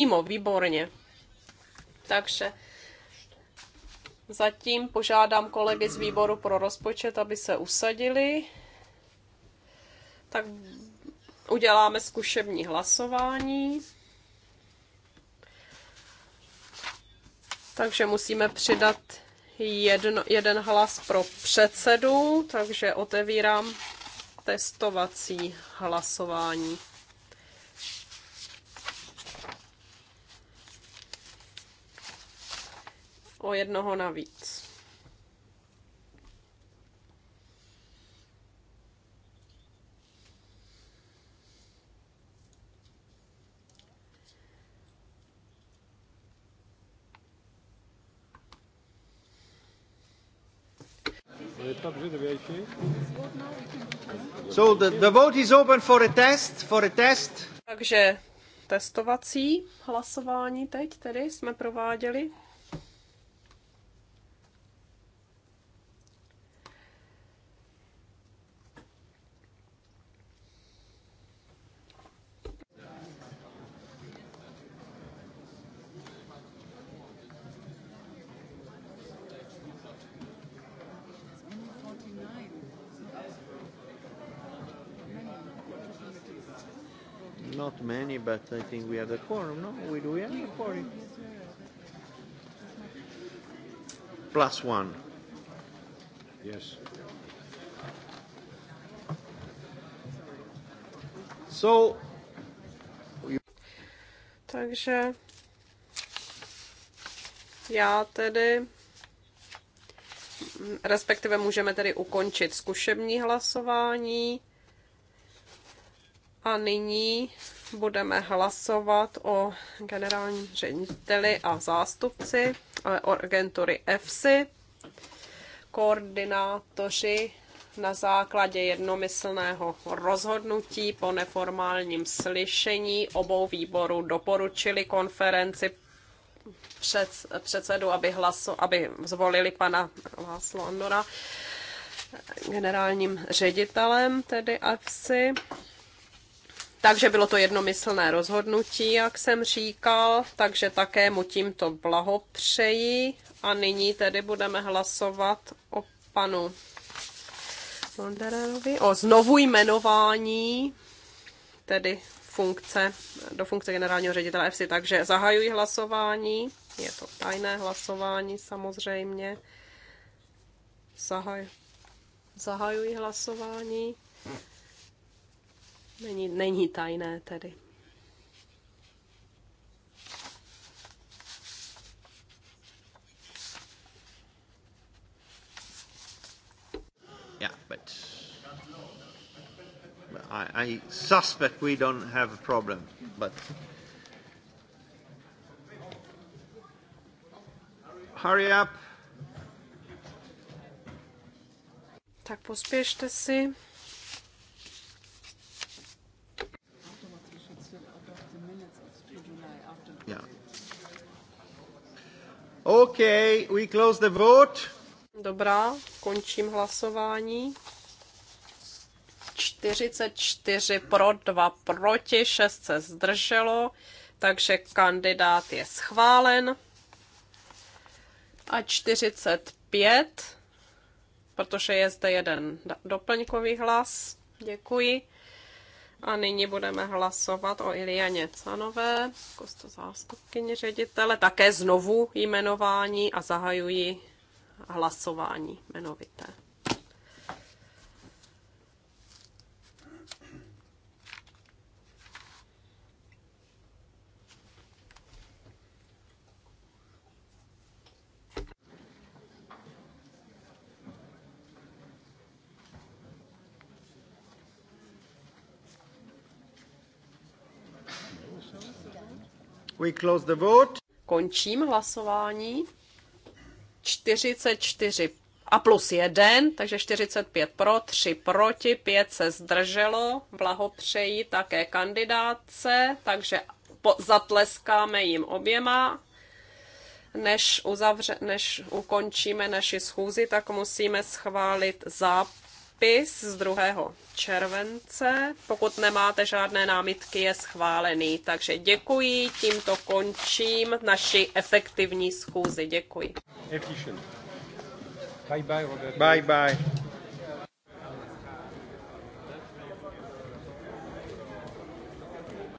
Mimo, výborně. Takže zatím požádám kolegy z výboru pro rozpočet, aby se usadili. Tak uděláme zkušební hlasování. Takže musíme přidat jedno, jeden hlas pro předsedu, takže otevírám testovací hlasování. o jednoho navíc. So the, the vote is open for a test, for a test. Takže testovací hlasování teď tedy jsme prováděli. not many, but I think we have the quorum, no? We do we have the quorum? Plus one. Yes. So, takže já tedy, respektive můžeme tedy ukončit zkušební hlasování. A nyní budeme hlasovat o generálním řediteli a zástupci o agentury EFSI. Koordinátoři na základě jednomyslného rozhodnutí po neformálním slyšení obou výborů doporučili konferenci před, předsedu, aby, hlaso, aby zvolili pana Václo Andora generálním ředitelem, tedy APSI. Takže bylo to jednomyslné rozhodnutí, jak jsem říkal, takže také mu tímto blahopřeji. A nyní tedy budeme hlasovat o panu Moldererovi, o znovu jmenování, tedy funkce, do funkce generálního ředitele FC. Takže zahajuji hlasování, je to tajné hlasování samozřejmě. Zahaj, zahajuji hlasování. Není, není tajné tedy. Yeah, but I, I suspect we don't have a problem, but hurry up. Tak pospěšte si. Yeah. Okay, we close the vote. Dobrá, končím hlasování. 44 pro, 2 proti, 6 se zdrželo, takže kandidát je schválen. A 45, protože je zde jeden doplňkový hlas. Děkuji. A nyní budeme hlasovat o Ilianě Canové, kosto zástupkyně ředitele, také znovu jmenování a zahajuji hlasování jmenovité. We close the vote. Končím hlasování. 44 a plus 1, takže 45 pro, 3 proti, 5 se zdrželo. Blahopřeji také kandidátce, takže po, zatleskáme jim oběma. Než, uzavře, než ukončíme naši schůzi, tak musíme schválit zápis dopis z 2. července. Pokud nemáte žádné námitky, je schválený. Takže děkuji, tímto končím naši efektivní schůzi. Děkuji. Efficient. Bye bye, Robert. Bye bye.